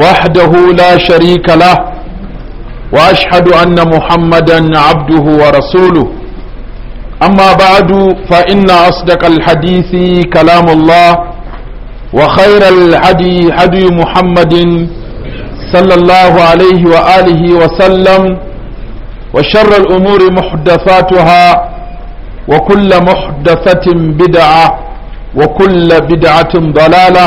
وحده لا شريك له واشهد ان محمدا عبده ورسوله اما بعد فان اصدق الحديث كلام الله وخير الهدي هدي محمد صلى الله عليه واله وسلم وشر الامور محدثاتها وكل محدثه بدعه وكل بدعه ضلاله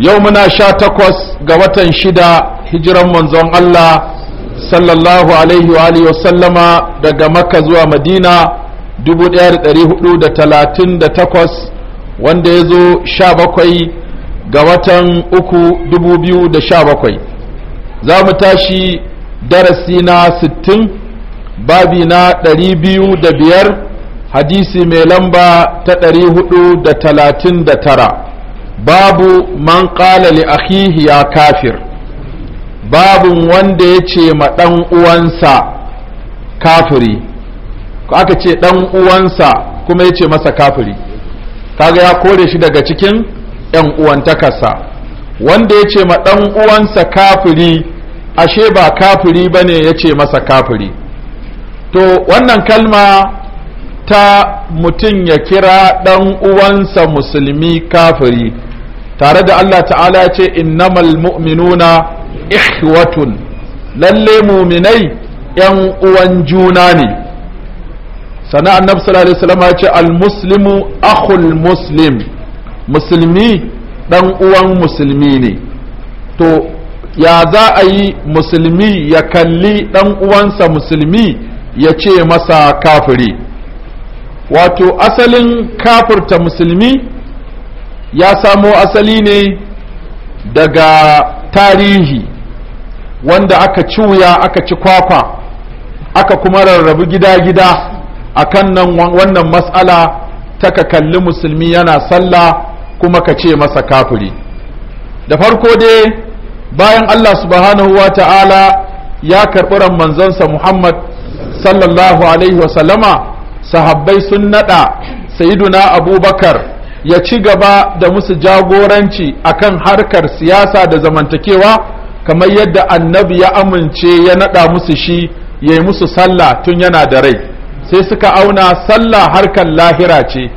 yau muna sha takwas ga watan shida hijiran manzon Allah sallallahu alaihi wa alihi wasallama daga Maka zuwa madina 1438 wanda ya zo sha bakwai ga watan uku da 2017 za mu tashi darasi na 60 babi na biyar, hadisi mai lamba ta hudu da da talatin tara. babu man qala li akhihi ya kafir babun wanda ya ce ma ɗan uwansa kafiri ko aka ce ɗan uwansa kuma ya ce masa kafiri kaga ya kore shi daga cikin ‘yan uwantakarsa wanda ya ce ma ɗan uwansa kafiri ashe ba kafiri ba ne ya ce masa kafiri to wannan kalma ta mutum ya kira ɗan uwansa musulmi kafiri tare da Allah ta'ala ya ce innamal mu'minuna ihwatun lalle muminai yan uwan juna ne sana annabi sallallahu alaihi ya ce al muslimu akhul muslim musulmi dan uwan musulmi ne to ya za a yi musulmi ya kalli dan uwansa musulmi ya ce masa kafiri wato asalin kafirta musulmi ya samo asali ne daga tarihi wanda aka cuya aka ci kwakwa aka kuma rarrabu gida-gida a kan nan wannan matsala ta ka kalli musulmi yana sallah kuma ka ce masa kafuri da farko dai bayan allah subhanahu wa ta'ala ya karɓi ran manzansa muhammad sallallahu alaihi wasallama sahabbai sun naɗa sayiduna abubakar ya ci gaba da musu jagoranci akan harkar siyasa da zamantakewa kamar yadda annabi ya amince ya naɗa musu shi ya yi musu sallah tun yana da rai sai suka auna sallah harkar lahira ce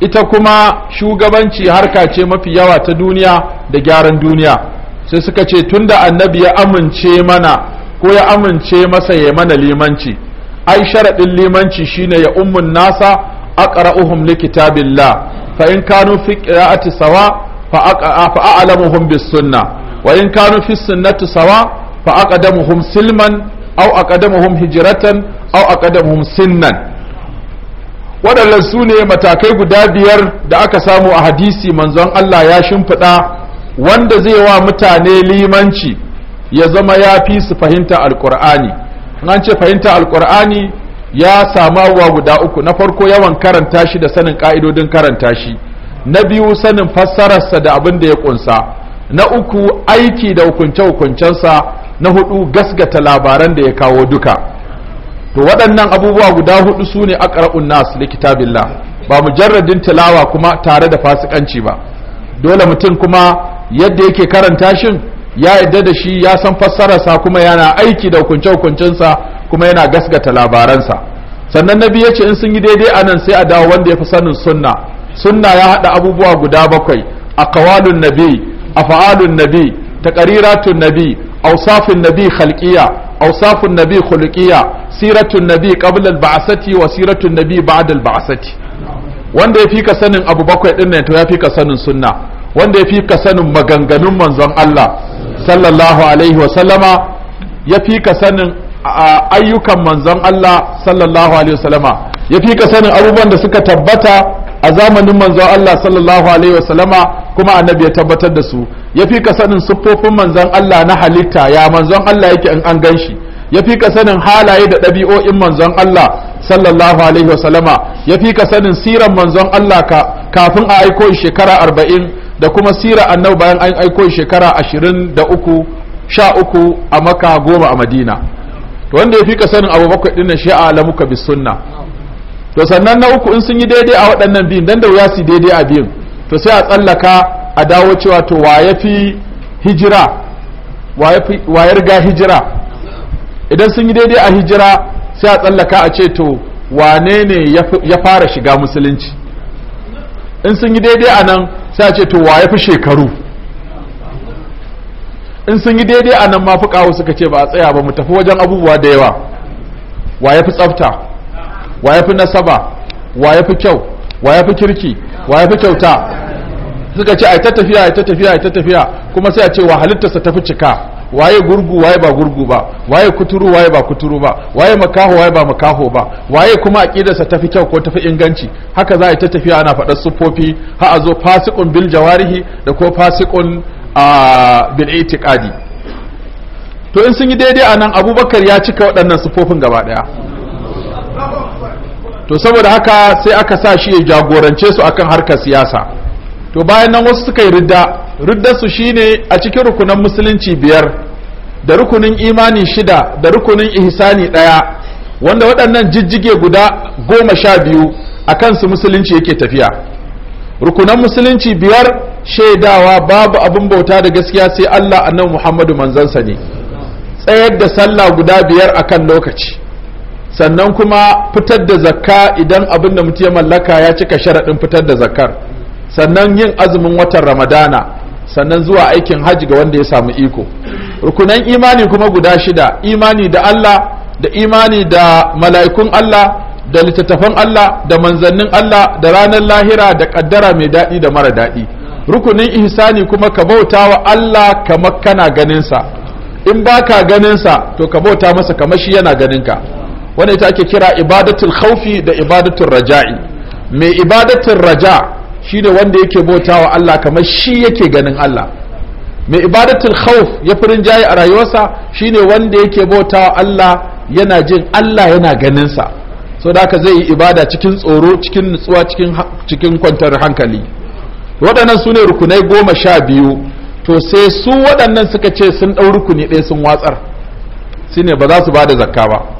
ita kuma shugabanci harka ce mafi yawa ta duniya da gyaran duniya sai suka ce tun da annabi ya amince mana ko ya amince masa ya mana limanci ai sharaɗin limanci shine ya ummun nasa aqra'uhum likitabillah fa in kanu fi qira'ati sawa fa a'lamuhum bis wa in kanu fi sawa fa aqdamuhum silman aw waɗannan su ne matakai guda biyar da aka samu a hadisi manzon Allah ya shimfiɗa wanda zai wa mutane limanci ya zama ya fi su fahimta alƙur'ani an ce fahimta alƙur'ani ya samu abubuwa guda uku na farko yawan karanta shi da sanin ka'idodin karanta shi na biyu sanin fassararsa da abin da ya kunsa na uku aiki da hukunce-hukuncensa na hudu gasgata labaran da ya kawo duka to waɗannan abubuwa guda hudu su ne aqra'un nas likitabillah ba mujarradin tilawa kuma tare da fasikanci ba dole mutum kuma yadda yake karanta shin ya yarda da shi ya san fassararsa kuma yana aiki da hukunce-hukuncensa kuma yana gasgata labaransa sannan nabi ya ce in sun yi daidai a nan sai a dawo wanda ya fi sanin sunna sunna ya haɗa abubuwa guda bakwai a kawalun nabi a fa'alun nabi taqariratun nabi awsafun nabi khalqiyya awsafun nabi khuluqiyya siratun nabi qabla al-ba'sati wa siratun nabi ba'da al-ba'sati wanda ya fi ka sanin abu bakwai din nan to ya fi ka sanin sunna wanda ya fi ka sanin maganganun manzon Allah sallallahu alaihi wasallama ya fi ka sanin ayyukan manzon Allah sallallahu alaihi wasallama ya fi ka sanin abubuwan da suka tabbata a zamanin manzon Allah sallallahu alaihi wasallama kuma annabi ya tabbatar da su ya fi ka sanin siffofin manzon Allah na halitta ya manzon Allah yake in an gan shi ya fi ka sanin halaye da ɗabi'o'in manzon Allah sallallahu alaihi wasallama ya fi ka sanin siran manzon Allah kafin a aiko shekara arba'in da kuma sira annau bayan an aiko shekara ashirin da uku sha uku a maka goma a madina to wanda ya fi ka sanin abu bakwai dinnan shi a alamuka bis sunna to sannan na uku in sun yi daidai a waɗannan biyun dan da wuya su daidai a biyun to sai a tsallaka a dawo cewa to wa ya fi hijira wa ya riga hijira idan sun yi daidai a hijira sai a tsallaka a ce to wane ne ya fara shiga musulunci in sun yi daidai a nan sai ce to waye fi shekaru in sun yi daidai a nan mafi kawo suka ce ba a tsaya ba mu tafi wajen abubuwa da yawa waye fi tsafta waye fi nasaba waye fi kyau waye fi kirki waye fi kyauta suka ce a ta tafiya a ta tafiya a ta tafiya kuma sai a ce wa halittarsa ta fi cika waye gurgu waye ba gurgu ba waye kuturu waye ba kuturu ba waye makaho waye ba makaho ba waye kuma aqidarsa tafi kyau ko tafi inganci haka za a ta tafiya ana faɗar sufofi har a zo fasiqun bil jawarihi da ko fasiqun bil itiqadi to in sun yi daidai anan abubakar ya cika waɗannan sufofin gaba ɗaya to saboda haka sai aka sa shi ya jagorance su akan harkar siyasa to bayan nan wasu suka yi ridda riddarsu shine a cikin rukunan musulunci biyar da rukunin imani shida da rukunin ihsani ɗaya wanda waɗannan jijjige guda goma sha biyu a kansu musulunci yake tafiya rukunan musulunci biyar shaidawa babu abin bauta da gaskiya sai Allah annabi Muhammadu manzansa ne tsayar da sallah guda biyar akan lokaci sannan kuma fitar da zakka idan abin da mutum ya mallaka ya cika sharaɗin fitar da zakkar sannan yin azumin watan ramadana sannan zuwa aikin hajji ga wanda ya samu iko rukunan imani kuma guda shida imani da Allah da imani da mala'ikun Allah da littattafan Allah da manzannin Allah da ranar lahira da kaddara mai daɗi da mara daɗi rukunin ihsani kuma ka bauta wa Allah kamar kana ganinsa in baka ka ganinsa to ka bauta masa kamar shi yana ganinka wanda ita ake kira ibadatul khaufi da ibadatul raja'i mai ibadatul raja Shi ne wanda yake bauta wa Allah kamar shi yake ganin Allah mai ibadatul khawf ya furin jayi a rayuwarsa ne wanda yake bauta wa Allah yana jin Allah yana ganin sa so da aka zai yi ibada cikin tsoro cikin nutsuwa cikin kwantar hankali waɗannan su ne rukunai goma sha biyu to sai su waɗannan suka ce sun ɗau rukuni ɗaya sun watsar su ne ba za su ba da zakka ba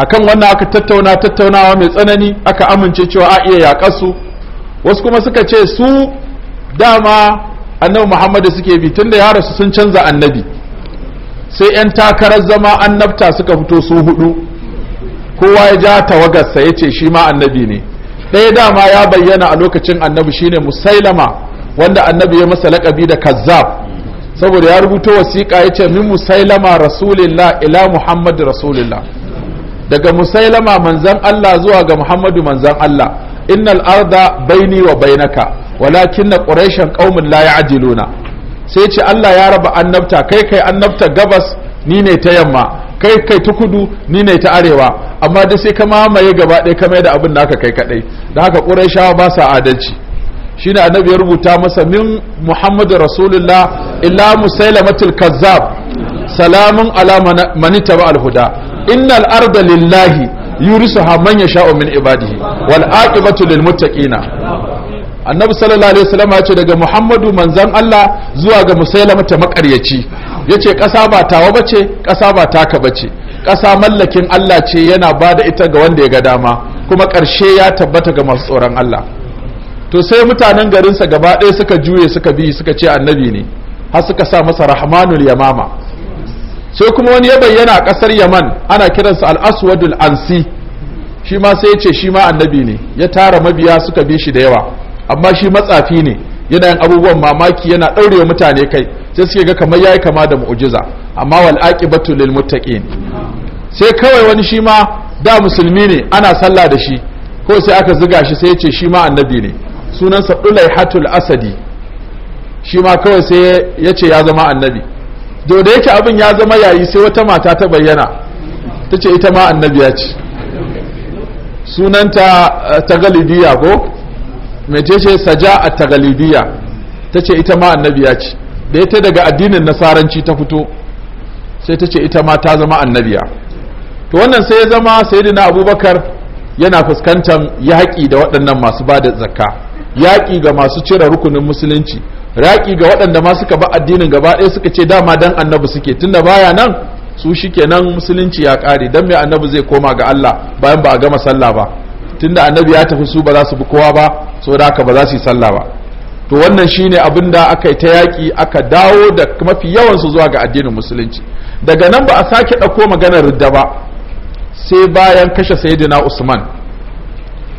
A kan wannan aka tattauna tattaunawa mai tsanani aka amince cewa a iya yaƙar su wasu kuma suka ce su dama annabi muhammad suke bi tunda ya rasu sun canza annabi sai 'yan takarar zama annabta suka fito su hudu kowa ya ja tawagarsa ya ce shi ma annabi ne ɗaya dama ya bayyana a lokacin annabi shine musailama wanda annabi ya masa laƙabi da kazzab saboda ya rubuto wasiƙa ya ce min musailama rasulillah ila muhammad rasulillah daga musailama manzan Allah zuwa ga Muhammadu manzan Allah innal arda baini wa bainaka walakinna quraishan qaumun la ya'jiluna sai ce Allah ya raba annabta kai kai annabta gabas ni ne ta yamma kai kai ta kudu ni ne ta arewa amma da sai ka mamaye gaba ɗaya ka mai da abin naka kai kadai da haka quraishawa ba sa adalci shine annabi ya rubuta masa min muhammadu rasulullah illa musailamatul kazzab salamun ala manita ba alhuda inna arda lillahi ha man sha'o min ibadihi wal aqibatu lil annabi sallallahu alaihi wasallam ya ce daga muhammadu manzan Allah zuwa ga musailama ta makaryaci yace ƙasa ba tawa bace ƙasa ba taka bace ƙasa mallakin Allah ce yana ba da ita ga wanda ya ga dama kuma ƙarshe ya tabbata ga masu tsoron Allah to sai mutanen garinsa gaba ɗaya suka juye suka bi suka ce annabi ne har suka sa masa rahmanul yamama sai kuma wani ya bayyana a ƙasar yaman ana kiransa al-aswadul ansi shi ma sai ya ce shi ma annabi ne ya tara mabiya suka bi shi da yawa amma shi matsafi ne yana yin abubuwan mamaki yana ɗaurewa mutane kai sai suke ga kamar ya yi kama da mu'jiza amma wal aqibatu lil muttaqin sai kawai wani shi ma da musulmi ne ana sallah da shi ko sai aka ziga shi sai ya ce shi ma annabi ne sunansa ulaihatul asadi shi ma kawai sai ya ce ya zama annabi to da yake abin ya zama yayi sai wata mata ta bayyana ta ce ita ma annabiya ce sunanta eh, tagalibiya ko mecece saja a tagalibiya ta ce ita ma annabiya ce da ita daga addinin nasaranci ta fito sai ta ce ita ma ta zama annabiya to wannan sai ya zama sayyidina abubakar yana fuskantar yaƙi da waɗannan masu ba da zakka yaƙi ga masu cire rukunin musulunci Raƙi ga waɗanda ma suka ba addinin gaba ɗaya suka ce dama dan annabi suke tunda baya nan su shikenan musulunci ya ƙare dan me annabi zai koma ga Allah bayan ba a gama sallah ba tunda annabi ya tafi su ba za su bi kowa ba da haka ba za su yi sallah ba to wannan shine abin da aka yi ta yaƙi aka dawo da mafi yawan su zuwa ga addinin musulunci daga nan ba a sake ɗauko maganar rudda ba sai bayan kashe sayyidina usman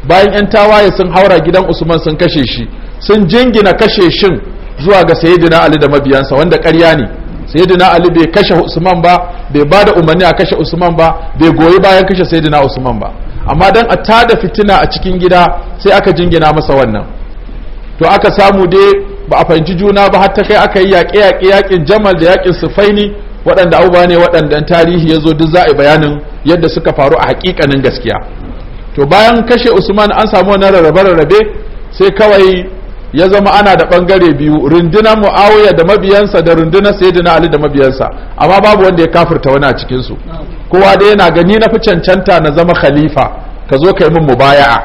bayan 'yan tawaye sun haura gidan usman sun kashe shi sun jingina kashe shin zuwa ga sayyidina ali da mabiyansa wanda ƙarya ne sayyidina ali bai kashe usman ba bai ba da umarni a kashe usman ba bai goyi bayan kashe sayyidina usman ba amma dan a tada fitina a cikin gida sai aka jingina masa wannan to aka samu dai ba a fahimci juna ba har ta kai aka yi yaƙe yaƙe yaƙin jamal da yaƙin sufaini waɗanda abubuwa ne waɗanda tarihi ya zo duk za a bayanin yadda suka faru a haƙiƙanin gaskiya to bayan kashe usman an samu wannan rarrabe rarrabe sai kawai ya zama ana da bangare biyu rundunar muawiya da mabiyansa da rundunar sayyidina ali da mabiyansa amma babu wanda ya kafirta wani a cikin su kowa dai yana gani na fi cancanta na zama khalifa ka zo ka yi min mubaya'a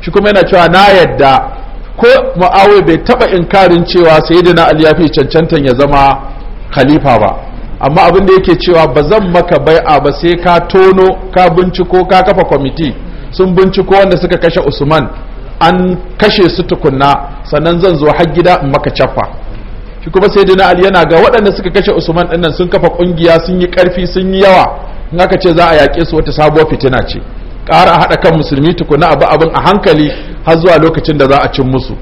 shi kuma yana cewa na yadda ko muawiya bai taba inkarin cewa sayyidina ali ya fi cancantan ya zama khalifa ba amma abin da yake cewa ba zan maka bai'a ba sai ka tono ka binciko ka kafa kwamiti sun binciko wanda suka kashe usman an kashe su tukunna sannan zan zo har gida in maka caffa shi kuma sai dina ali yana ga waɗanda suka kashe usman nan sun kafa ƙungiya sun yi ƙarfi sun yi yawa in aka ce za a yaƙe su wata sabuwar fitina ce ƙara haɗa kan musulmi tukuna abu abin a hankali har zuwa lokacin da za a cin musu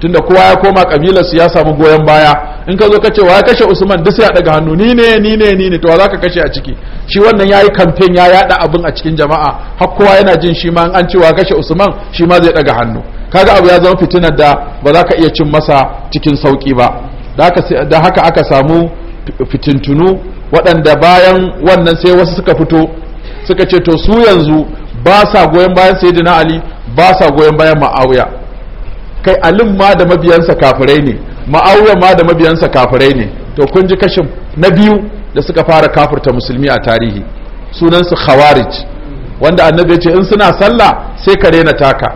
tunda kowa ya koma kabilar su ya samu goyon baya in ka zo ka ce wa ya kashe usman duk sai a daga hannu ni ne ni ne ni ne to za ka kashe a ciki shi wannan yayi campaign ya yada abin a cikin jama'a har kowa yana jin shi ma an ce wa kashe usman shi ma zai daga hannu kaga abu ya zama fitina da ba za ka iya cin masa cikin sauki ba da haka aka samu fitintunu waɗanda bayan wannan sai wasu suka fito suka ce to su yanzu ba sa goyon bayan sayyidina ali ba sa goyon bayan ma'awiya kai alim ma da mabiyansa kafirai ne ma'auya ma da mabiyansa kafirai ne to kun ji kashin na biyu da suka fara kafirta musulmi a tarihi sunansu khawarij wanda annabi ya ce in suna sallah sai ka rena taka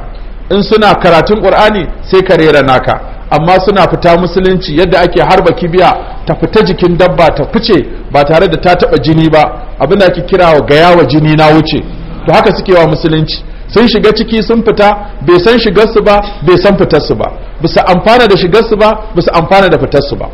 in suna karatun qur'ani sai ka rera naka amma suna fita musulunci yadda ake harba kibiya ta fita jikin dabba ta fice ba tare da ta taba jini ba abin da ake kirawa gayawa jini na wuce to haka suke wa musulunci sun shiga ciki sun fita bai san shigarsu ba bai san fitarsu ba bisa amfana da shigarsu ba bisa amfana da fitarsu ba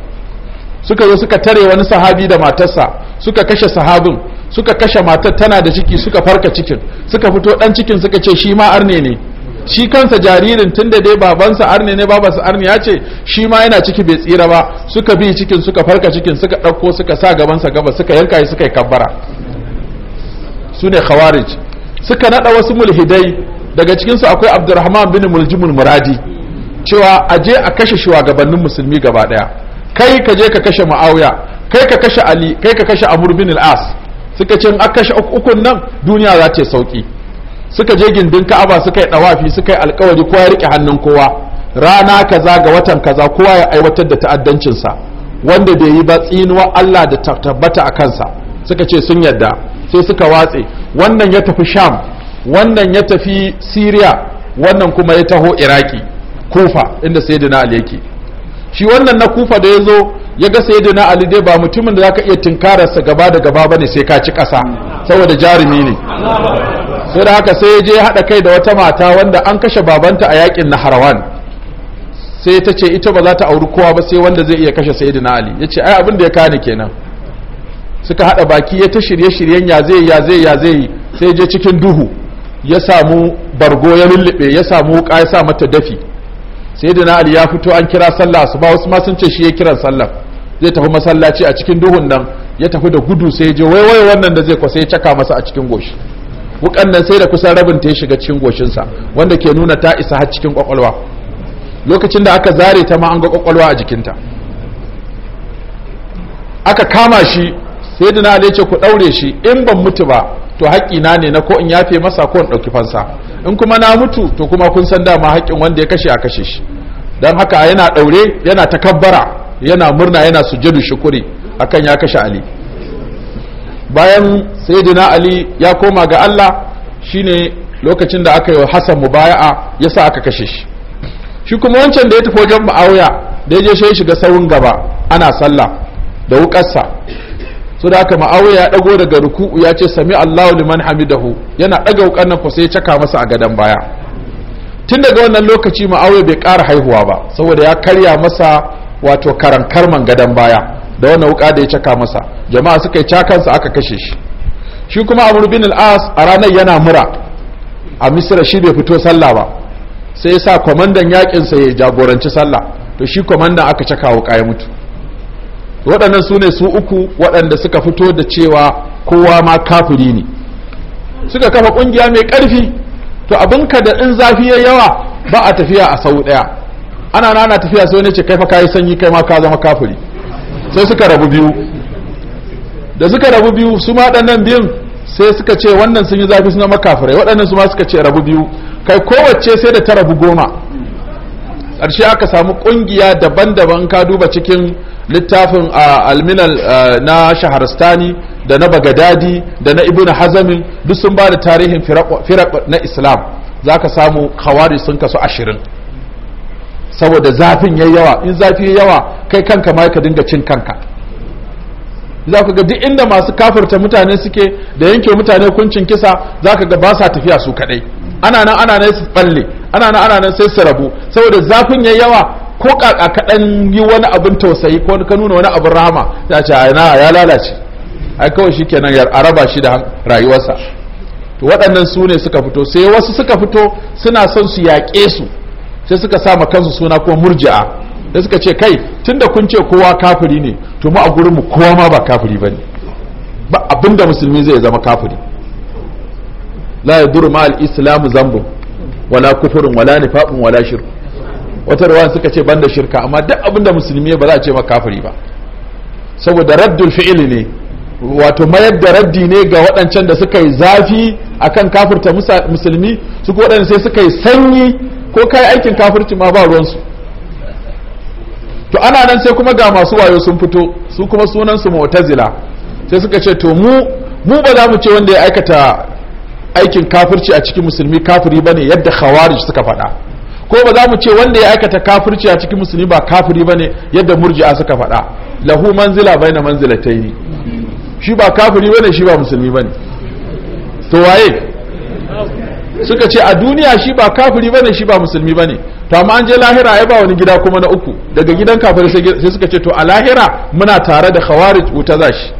suka zo suka tare wani sahabi da matarsa suka kashe sahabin suka kashe matar tana da ciki suka farka cikin suka fito dan cikin suka ce shi ma arne ne shi kansa jaririn tun da dai babansa arne ne babansa arne ya ce shi ma yana ciki bai tsira ba suka bi cikin suka farka cikin suka ɗauko suka sa gabansa gaba suka yanka shi suka yi kabbara su ne khawarij suka nada wasu mulhidai daga cikinsu akwai abdurrahman bin muljimul muradi cewa a je a kashe shugabannin musulmi gaba daya kai ka je ka kashe muawiya kai ka kashe ali kai ka kashe amr bin al-as suka ce in kashe ukun nan duniya za ta sauki suka je gindin ka'aba suka yi dawafi suka yi alkawari kowa ya rike hannun kowa rana kaza ga watan kaza kowa ya aiwatar da ta'addancinsa wanda bai yi ba tsinuwa Allah da tabbata a kansa suka ce sun yadda sai suka watse wannan ya tafi sham wannan ya tafi syria wannan kuma ya taho iraki kufa inda sayyidina ali yake shi wannan na kufa da ya zo ya ga sayyidina ali dai ba mutumin da zaka iya tunkararsa gaba da gaba ba ne sai ka ci ƙasa saboda jarumi ne sai da haka sai ya je haɗa kai da wata mata wanda an kashe babanta a yakin na harawan sai ta ce ita ba za ta auri kowa ba sai wanda zai iya kashe sayyidina ali ya ce ai abin da ya kani kenan suka hada baki ya ta shirye-shiryen ya zai ya zai ya zai sai je cikin duhu ya samu bargo ya lullube ya samu wuka ya sa mata dafi sai da ali ya fito an kira sallah su ba wasu ma sun ce shi ya kiran sallah zai tafi masallaci a cikin duhun nan ya tafi da gudu sai je waiwai wannan da zai kwasa ya caka masa a cikin goshi wukan nan sai da kusan rabin ta ya shiga cikin goshinsa wanda ke nuna ta isa har cikin kwakwalwa lokacin da aka zare ta ma an ga kwakwalwa a jikinta aka kama shi sai dina ali ce ku ɗaure shi in ban mutu ba to na ne na ko in yafe masa ko in ɗauki fansa in kuma na mutu to kuma kun san dama haƙƙin wanda ya kashe a kashe shi don haka yana ɗaure yana takabbara yana murna yana sujadu shukuri akan ya kashe ali bayan sayyidina ali ya koma ga allah shine lokacin da aka yi wa hassan mubaya'a ya sa aka kashe shi shi kuma wancan da ya tafi wajen ma'auya da ya je shi shiga saurin gaba ana sallah da wukarsa so da aka ma'awiya ya dago daga ruku'u ya ce sami Allahu liman hamidahu yana daga wukan nan sai ya caka masa a gadon baya tun daga wannan lokaci ma'awiya bai ƙara haihuwa ba saboda ya karya masa wato man gadon baya da wannan wuka da ya caka masa jama'a suka yi cakansa aka kashe shi shi kuma amr bin al-as a ranar yana mura a misira shi bai fito sallah ba sai ya sa kwamandan yakinsa ya jagoranci sallah to shi kwamandan aka caka wuka ya mutu waɗannan su ne su uku waɗanda suka fito da cewa kowa ma kafiri ne suka kafa ƙungiya mai ƙarfi to abinka da in zafi ya yawa ba a tafiya a sau ɗaya ana nana tafiya sai wani ce kai fa kayi sanyi kai ma ka zama kafiri sai suka rabu biyu da suka rabu biyu su ma ɗannan biyun sai suka ce wannan sun yi zafi suna makafirai waɗannan su ma suka ce rabu biyu kai kowace sai da ta rabu goma ƙarshe aka samu ƙungiya daban-daban ka duba cikin littafin alminal na shaharistani da na bagadadi da na ibn hazamin duk sun ba da tarihin firak na islam za ka samu kawari sun kasu ashirin saboda zafin ya yawa in zafi ya yawa kai kanka ma ka dinga cin kanka za ka ga duk inda masu kafarta mutane suke da yanke mutane kuncin kisa za ka ga ba sa tafiya su kadai ana nan ana nan su balle ana nan ana nan sai su rabu saboda zafin ya yawa ko kaka kaɗan yi wani abin tausayi ko ka nuna wani abin rahama ya ce na ya lalace ai kawai shi kenan ya araba shi da rayuwarsa to waɗannan su ne suka fito sai wasu suka fito suna son su yaƙe su sai suka sa ma kansu suna ko murji'a sai suka ce kai tunda kun ce kowa kafiri ne to mu a gurinmu kowa ma ba kafiri bane ba abinda musulmi zai zama kafiri la yadur ma al-islam zambu wala kufurun wala nifaqun wala shirku wata ruwan suka ce banda shirka amma duk abinda musulmi ba za a ce ma kafiri ba saboda raddul fi'ili ne wato mayar da raddi ne ga waɗancan da suka yi zafi akan kafirta musulmi su ko waɗanda sai suka yi sanyi ko kai aikin kafirci ma ba ruwansu to ana nan sai kuma ga masu wayo sun fito su kuma sunan su mu'tazila sai suka ce to mu mu ba za mu ce wanda ya aikata aikin kafirci a cikin musulmi kafiri bane yadda khawarij suka faɗa ko ba za mu ce wanda ya aikata kafirci a cikin musulmi ba kafiri ba ne yadda murji'a suka faɗa lahu manzila bai na ta yi shi ba kafiri ba ne shi ba musulmi ba ne to waye suka ce a duniya shi ba kafiri ba ne shi ba musulmi ba ne to amma an je lahira ya ba wani gida kuma na uku daga gidan kafiri sai suka ce to a lahira muna tare da khawarij wuta zashi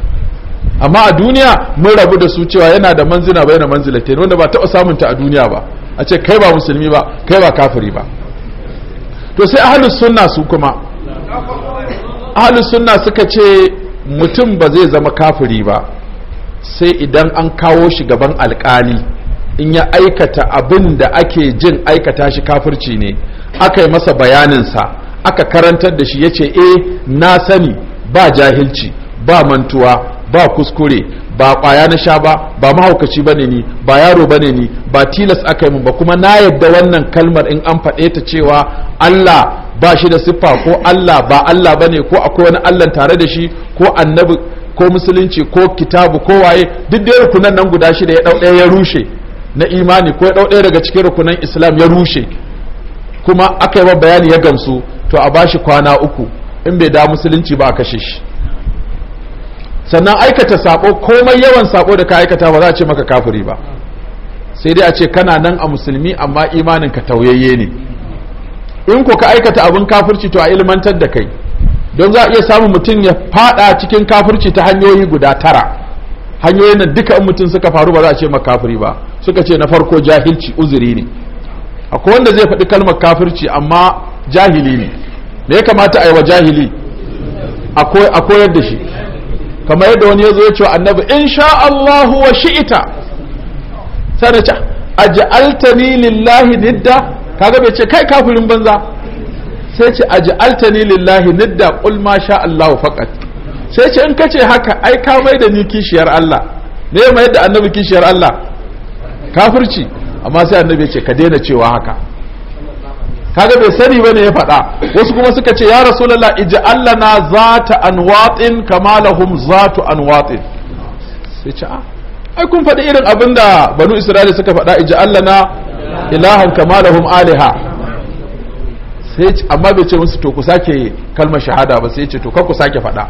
amma a duniya mun rabu da su cewa yana da manzila bai na yi. wanda ba taɓa samunta a duniya ba a ce kai ba musulmi ba kai ba kafiri ba to sai ahalus sunna su kuma ahalus sunna suka ce mutum ba zai zama kafiri ba sai idan an kawo shi gaban alkali in ya aikata abin da ake jin aikata shi kafirci ne aka yi masa bayaninsa aka karantar da shi ya ce eh na sani ba jahilci ba mantuwa ba kuskure ba kwaya na sha ba ba mahaukaci ne ni ba yaro ba ne ni ba tilas aka yi min ba kuma na yadda wannan kalmar in an faɗe ta cewa Allah ba shi da siffa ko Allah ba Allah bane ko akwai wani Allah tare da shi ko annabi ko musulunci ko kitabu ko waye duk da rukunan nan guda shida ya dau ya rushe na imani ko ya dau daga cikin rukunan Islam ya rushe kuma aka yi bayani ya gamsu to a bashi kwana uku in bai da musulunci ba a kashe shi sannan aikata sako komai yawan sako da ka aikata ba za a ce maka kafiri ba sai dai a ce kana nan a musulmi amma imanin ka tauyayye ne in ko ka aikata abin kafirci to a ilmantar da kai don za a iya samun mutum ya fada cikin kafirci ta hanyoyi guda tara hanyoyin nan duka in mutum suka faru ba za a ce maka kafiri ba suka ce na farko jahilci uzuri ne akwai wanda zai faɗi kalmar kafirci amma jahili ne me ya kamata a yi wa jahili a koyar da shi kamar yadda wani ya zo ya ce annabi in Allah wa shi'ita sai ce aj'altani lillahi nidda kaga bai ce kai kafirin banza sai ce aj'altani lillahi nidda qul ma sha Allah faqat sai ce in kace haka ai ka mai da ni kishiyar Allah ne mai da annabi kishiyar Allah kafirci amma sai annabi ya ce ka daina cewa haka kaga bai sani bane ya faɗa wasu kuma suka ce ya rasulullah ij'alna zata anwatin kama zatu anwatin sai ce a ah, ai kun faɗi irin abinda banu isra'ila suka faɗa ij'alna ilahan kama aliha sai amma bai ce musu to ku sake kalmar shahada ba sai ce to kar ku sake faɗa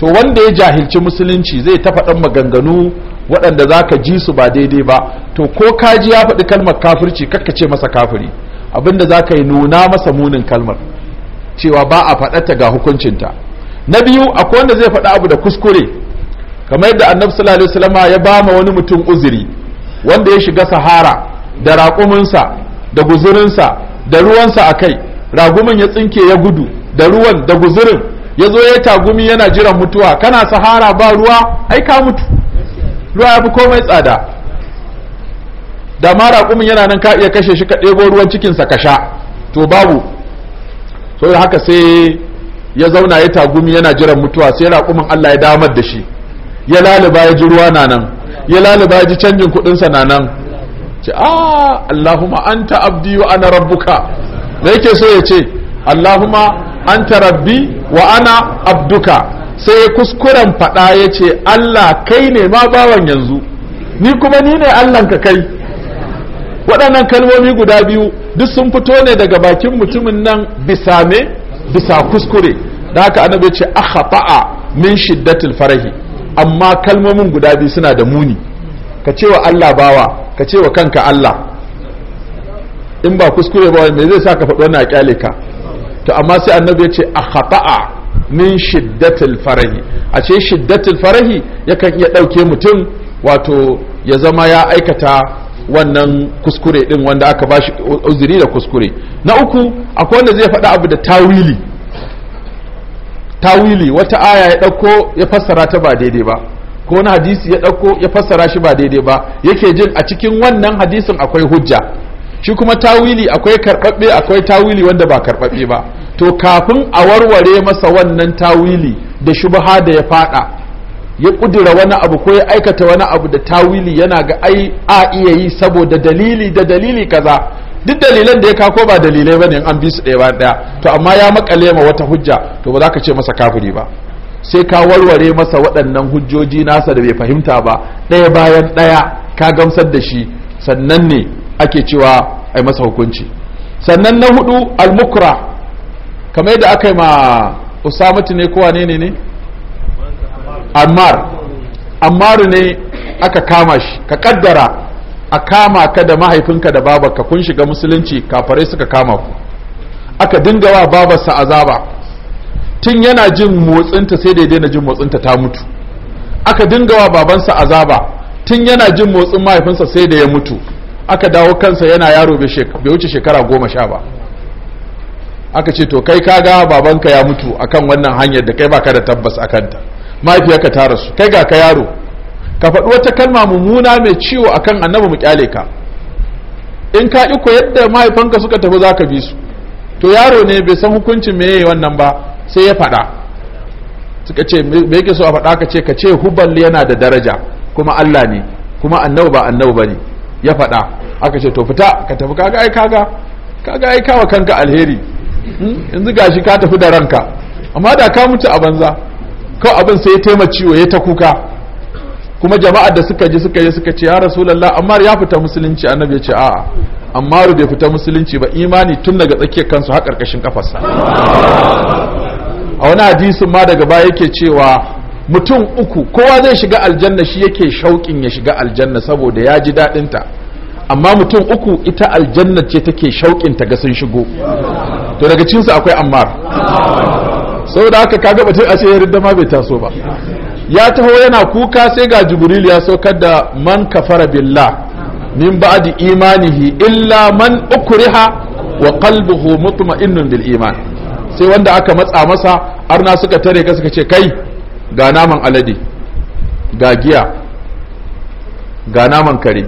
to wanda ya jahilci musulunci zai ta faɗan maganganu waɗanda za ka ji su ba daidai ba to ko kaji ya faɗi kalmar kafirci kakka ce masa kafiri abinda za ka yi nuna masa munin kalmar cewa ba a faɗata ga hukuncinta na biyu akwai wanda zai faɗa abu da kuskure kamar yadda annabi sallallahu alaihi wasallam ya ba ma wani mutum uzuri wanda ya shiga sahara da raƙuminsa da guzurinsa da ruwansa a kai ragumin ya tsinke ya gudu da ruwan da guzurin ya zo ya tagumi yana jiran mutuwa kana sahara ba ruwa ai ka mutu ruwa ya fi komai tsada da ma raƙumin yana nan ka iya kashe shi ka ɗebo ruwan cikinsa ka sha to babu so haka sai ya zauna ya tagumi yana jiran mutuwa sai raƙumin Allah ya damar da shi ya laliba ya ji ruwa na nan ya laliba ya ji canjin kuɗinsa na nan ce a ah, Allahumma anta abdi wa ana rabbuka me yake so ya ce Allahumma anta rabbi wa ana abduka sai ya kuskuren faɗa ya ce Allah kai ne ma bawan yanzu ni kuma ni ne ka kai waɗannan kalmomi guda biyu duk sun fito ne daga bakin mutumin nan bisa me bisa kuskure da haka annabi ce akhata'a min shiddatil farahi amma kalmomin guda biyu suna da muni ka cewa Allah bawa ka cewa kanka Allah in ba kuskure ba me zai sa ka faɗo wannan kyale ka to amma sai annabi ya ce akhata'a min shiddatil farahi a ce shiddatil farahi yakan iya ɗauke mutum wato ya zama ya aikata wannan kuskure din wanda aka ba shi uzuri da kuskure na uku akwai wanda zai faɗa abu da tawili tawili wata aya ya ɗauko ya fassara ta ba daidai ba ko wani hadisi ya ɗauko ya fassara shi ba daidai ba yake jin a cikin wannan hadisin akwai hujja shi kuma tawili akwai karɓaɓɓe akwai tawili wanda ba karɓaɓɓe ba to kafin a warware masa wannan tawili da shubha da ya faɗa ya kudura wani abu ko ya aikata wani abu da tawili yana ga ai a iya yi saboda dalili da dalili kaza duk dalilan da ya kako ba dalilai bane in an bi su ɗaya ba ɗaya to amma ya makale ma wata hujja to ba za ka ce masa kafiri ba sai ka warware masa waɗannan hujjoji nasa da bai fahimta ba ɗaya bayan ɗaya ka gamsar da shi sannan ne ake cewa ai masa hukunci sannan na hudu almukra kamar yadda aka yi ma usamatu ne kowa ne ne ne ammar ammar ne aka kama shi ka kaddara a kama ka da mahaifinka da babarka kun shiga musulunci kafare suka kama ku aka dinga wa babarsa azaba tun yana jin motsinta sai da daina jin motsinta ta mutu aka dinga wa babansa azaba tun yana jin motsin mahaifinsa sai da ya mutu aka dawo kansa yana yaro bai wuce shekara goma sha ba aka ce to kai kaga babanka ya mutu akan wannan hanyar da kai baka da tabbas akanta mahaifiyarka ta rasu kai ga ka yaro ka faɗi wata kalma mummuna mai ciwo akan annabi mu kyale ka in ka iko yadda mahaifanka suka tafi za ka bi su to yaro ne bai san hukuncin me yayi wannan ba sai ya faɗa suka ce me yake so a faɗa ka ce ka ce hubal yana da daraja kuma Allah ne kuma annabi ba annabi bane ya faɗa aka ce to fita ka tafi kaga ai kaga kaga ai kawa kanka alheri hmm? yanzu gashi ka tafi da ranka amma da ka mutu a banza kawai abin sai ya taimaci wa ya ta kuka kuma jama'a da suka ji suka yi suka ce ya rasu lalla. ammar ya fita musulunci annabi ya ce a'a ammaru bai fita musulunci ba imani tun daga tsakiyar kansu har karkashin kafarsa a wani hadisin ma daga baya yake cewa mutum uku kowa zai shiga aljanna shi yake shauƙin ya shiga aljanna saboda ya ji daɗin ta amma mutum uku ita aljanna ce take shauƙin ta ga sun shigo to daga cinsu akwai ammar saboda haka kaga ce a ce ya ma bai taso ba ya taho yana kuka sai ga jibril ya saukar da man kafara billah min ba'di imanihi illa man ukriha wa qalbuhu mutma'innun bil iman sai wanda aka matsa masa arna suka tare ka suka ce kai ga naman alade ga giya ga naman kare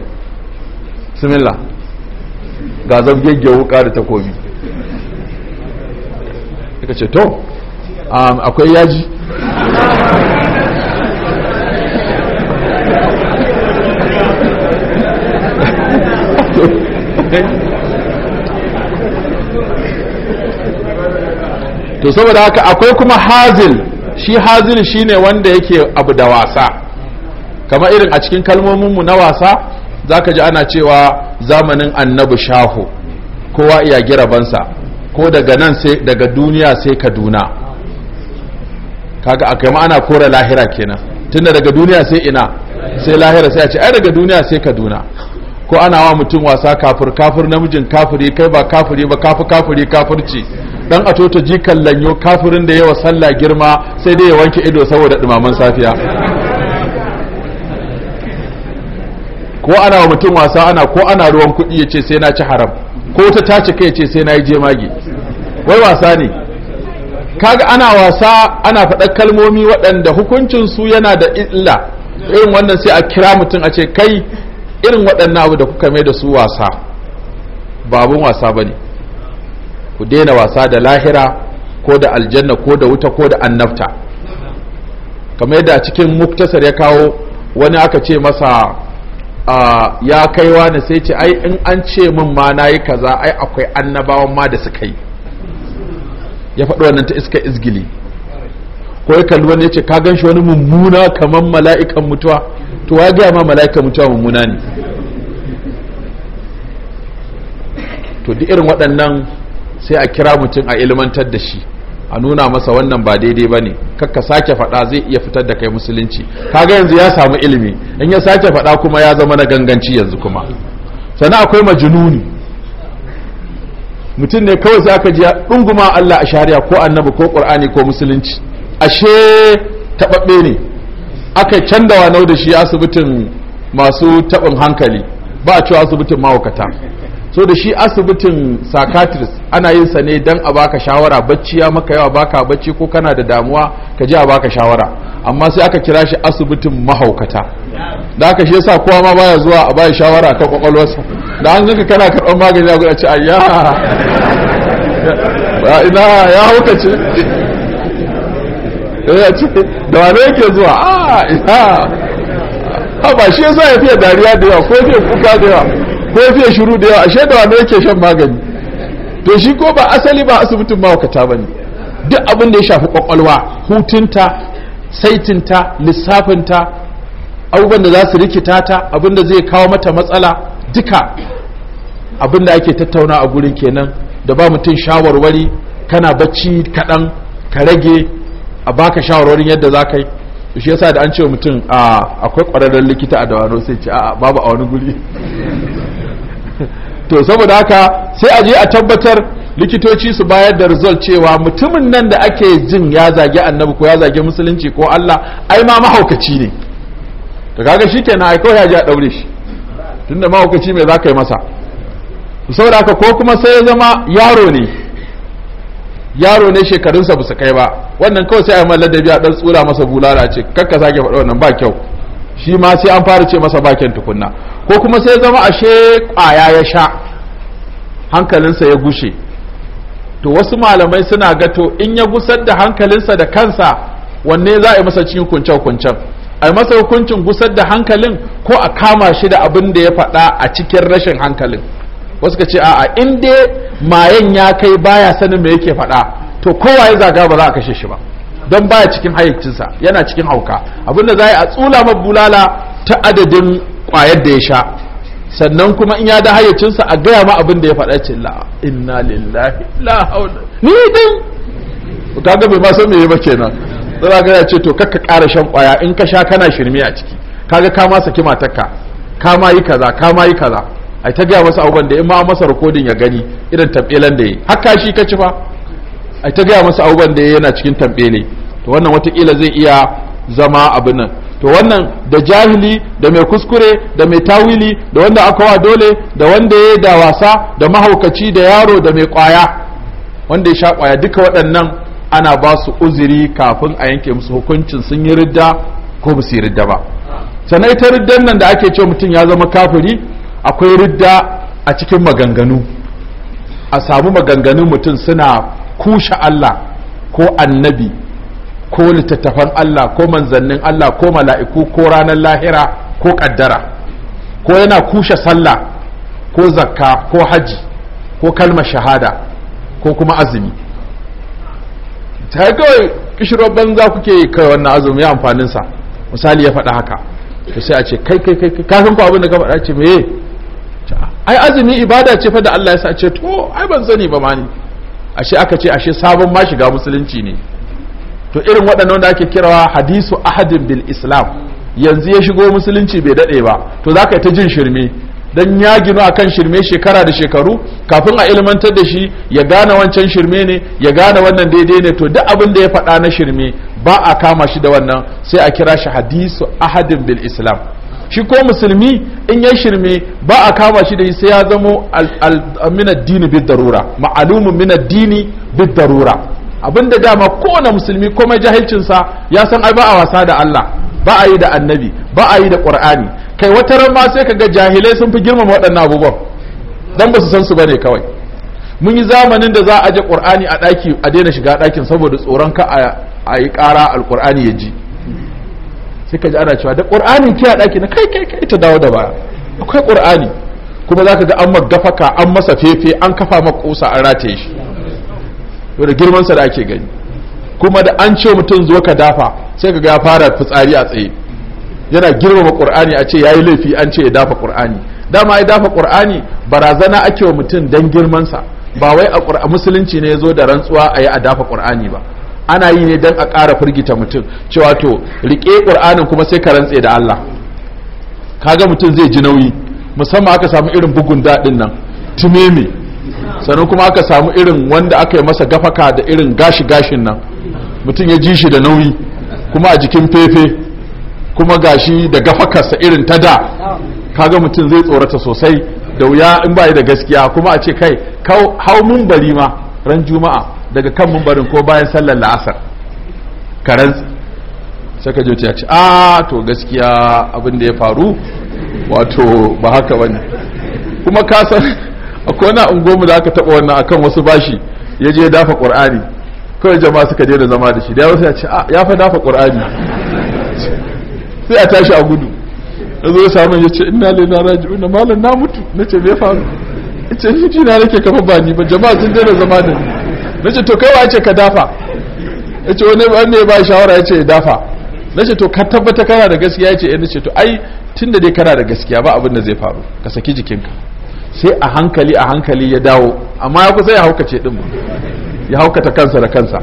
bismillah ga zabgegge wuka da takobi suka to Um, akwai yaji to saboda haka akwai kuma hazil shi hazil shi ne wanda yake abu da wasa kamar irin a cikin kalmominmu na wasa zaka ji ana cewa zamanin annabi shaho kowa iya girabansa ko daga nan sai daga duniya sai kaduna kaga akai ma ana kora lahira kenan tunda daga duniya sai ina sai lahira sai a ce ai daga duniya sai kaduna ko ana wa mutum wasa kafir kafir namijin kafiri kai ba kafiri ba kafi kafiri kafirci dan a toto jikan lanyo kafirin da yawa sallah girma sai dai ya wanke ido saboda dumaman safiya ko ana wa mutum wasa ana ko ana ruwan kuɗi ya ce sai na ci haram ko ta tace kai ya ce sai na yi jemage wai wasa ne kaga ana wasa ana faɗa kalmomi waɗanda hukuncin su yana da illa irin wannan sai a kira mutum a ce kai irin waɗannan abu da kuka mai da su wasa babun wasa bane ku daina wasa da lahira ko da aljanna ko da wuta ko da annabta kamar yadda cikin muktasar ya kawo wani aka ce masa ya kaiwa na sai ce ai in an ce min ma na yi kaza ai akwai annabawan ma da suka yi ya faɗo wannan ta iska izgili ko ya kalli wani ya ce ka gan shi wani mummuna kamar mala'ikan mutuwa to ya gaya ma mala'ikan mutuwa mummuna ne to duk irin waɗannan sai a kira mutum a ilmantar da shi a nuna masa wannan ba daidai ba ne ka sake faɗa zai iya fitar da kai musulunci kaga yanzu ya samu ilimi in ya sake faɗa kuma ya zama na ganganci yanzu kuma sannan akwai majununi mutum ne kawai za ka ji ɗunguma Allah a shari'a ko annabi ko ƙur'ani ko musulunci ashe taɓaɓɓe ne aka canza wa da shi asibitin masu taɓin hankali ba a cewa asibitin mahaukata so da shi asibitin psychiatrist ana yin sa ne dan a baka shawara bacci ya maka yawa baka bacci ko kana da damuwa ka ji a baka shawara amma sai aka kira shi asibitin mahaukata da aka shi yasa kowa ma baya zuwa a baya shawara ta kwakwalwarsa da an ganka kana karɓar magani a gudace ayya ina ya haukace eh, ya ce da wane yake zuwa a ah, ina ba shi yasa ya fiye dariya da yawa ko fiye kuka da yawa kofi fiye shiru da yawa ashe da wani yake shan magani to shi ko ba asali ba asibitin mawakata ba ne duk abin da ya shafi kwakwalwa hutunta saitinta lissafinta abubuwan da za su rikita ta abin da zai kawo mata matsala duka abin da ake tattauna a gurin kenan da ba mutum shawarwari kana bacci kaɗan ka rage a baka shawarwarin yadda za ka yi shi yasa da an ce mutum a ah, akwai ƙwararren likita a dawano sai ce a babu a wani guri to saboda haka sai a je a tabbatar likitoci su bayar da result cewa mutumin nan da ake jin ya zage annabi ko ya zage musulunci ko Allah ai ma mahaukaci ne to kaga shikenan ai kawai ya ji a daure shi tunda mahaukaci me za ka yi masa saboda haka ko kuma sai ya zama yaro ne yaro ne shekarunsa ba su kai ba wannan kawai sai a mallar da biya dan tsura masa bulala ce kakka sake faɗa wannan ba kyau shi ma sai an fara ce masa bakin tukunna ko kuma sai zama ashe kwaya ya sha hankalinsa ya gushe to wasu malamai suna gato in ya gusar da hankalinsa da kansa wanne za a yi masa cikin kuncen-kuncen a yi masa hukuncin gusar da hankalin ko a kama shi da abin da ya faɗa a cikin rashin hankalin wasu ka ce a'a in dai mayan ya kai baya sanin me yake faɗa to kowa ya zaga ba za a kashe shi ba don baya cikin hayyacinsa yana cikin hauka abin da za a tsula bulala ta adadin kwayar da ya sha sannan kuma in ya da hayyacinsa a gaya ma abin da ya faɗa ce la inna lillahi la haula ni din ka ga bai ma san me ba kenan sai ga ya ce to kakka ƙara shan kwaya in ka sha kana shirme a ciki kaga ka ma saki matarka ka ma yi kaza ka ma yi kaza ai ta gaya masa abubuwan da in ma masa recording ya gani irin tambelan da yi haka shi ka ci fa ai ta gaya masa abubuwan da yana cikin tambele to wannan watakila zai iya zama abin nan to wannan da jahili da mai kuskure da mai tawili da wanda aka wa dole da wanda ya da wasa da mahaukaci da yaro da mai kwaya wanda ya sha kwaya duka waɗannan ana ba su uzuri kafin a yanke musu hukuncin sun yi ridda ko ba su yi ridda ba sannan ita riddan nan da ake ce mutum ya zama kafiri akwai ridda a cikin maganganu a samu maganganun mutum suna kushe Allah ko annabi ko littattafan Allah ko manzannin Allah ko mala'iku ko ranar lahira ko kaddara ko yana kushe sallah ko zakka ko haji ko kalmar shahada ko kuma azumi ta kawai kishirar banza kuke kai wannan azumi ya amfaninsa misali ya faɗa haka ta sai a ce kai kai kai kafin ku abin da ka faɗa ce me ai azumi ibada ce fa da Allah ya sa ce to ai ban sani ba ma ne. ashe aka ce ashe sabon ma shiga musulunci ne to irin waɗannan da ake kirawa hadisu ahadin bil islam yanzu ya shigo musulunci bai daɗe ba to za ka yi ta jin shirme dan ya ginu a kan shirme shekara da shekaru kafin a ilmantar da shi ya gane wancan shirme ne ya gane wannan daidai ne to duk abin da ya faɗa na shirme ba a kama shi da wannan sai a kira shi hadisu ahadin bil islam shi ko musulmi in ya shirme ba a kama shi da sai ya zamo min addini bid darura ma'alumun addini bid darura Abin da dama kowane musulmi komai jahilcinsa ya san ai ba a wasa da Allah ba a yi da annabi ba a yi da ƙur'ani kai wata ran ma sai ka ga jahilai sun fi girmama waɗannan abubuwan dan ba su san su bane kawai mun yi zamanin da za a je ƙur'ani a daki a daina shiga dakin saboda tsoron ka a yi ƙara alƙur'ani ya ji sai ka ji ana cewa da qur'anin ki a daki na kai kai kai ta dawo da baya akwai ƙur'ani kuma za ka ga an magafaka an masa fefe an kafa ƙusa an rataye shi to da da ake gani kuma da an ce mutum zuwa ka dafa sai ka ya fara fitsari a tsaye yana girmama qur'ani a ce ya yi laifi an ce ya dafa qur'ani dama ya dafa ƙur'ani barazana ake wa mutum don girmansa. ba wai a musulunci ne ya zo da rantsuwa a yi a dafa kur'ani ba ana yi ne don a ƙara firgita mutum cewa to riƙe ƙur'anin kuma sai ka rantse da Allah Ka ga mutum zai ji nauyi musamman aka samu irin bugun daɗin nan tumeme sannan kuma aka samu irin wanda aka yi masa gafaka da irin gashi gashin nan mutum ya ji shi da nauyi kuma a jikin fefe kuma gashi da gafakarsa irin ta da kaga mutum zai tsorata sosai da wuya in ba da gaskiya kuma a ce kai hau bari ma ran juma'a daga kan barin ko bayan sallar la'asar karen saka je ya ce a to gaskiya abin da ya faru wato ba haka bane kuma ka akwai wani unguwarmu da aka taɓa wannan akan wasu bashi ya je dafa ƙur'ani kawai jama'a suka je da zama da shi da wasu ya ce ah, ya fa dafa ƙur'ani sai a tashi a gudu ya zo samun ya ce ina lena raji na malam na mutu na ce me faru ya ce shi na nake kafa ba ni ba jama'a sun je da zama da ni na ce to kaiwa ce ka dafa ya ce wani ne ya ba shawara ya ce ya dafa na ce to ka tabbata kana da gaskiya ya ce ya eh, ce to ai tun da dai kana da gaskiya ba abin da zai faru ka saki jikinka sai a hankali a hankali ya dawo amma ya kusa ya haukace din ya haukata kansa da kansa